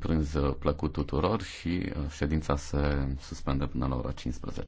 prânz plăcut tuturor și uh, ședința se suspendă până la ora 15.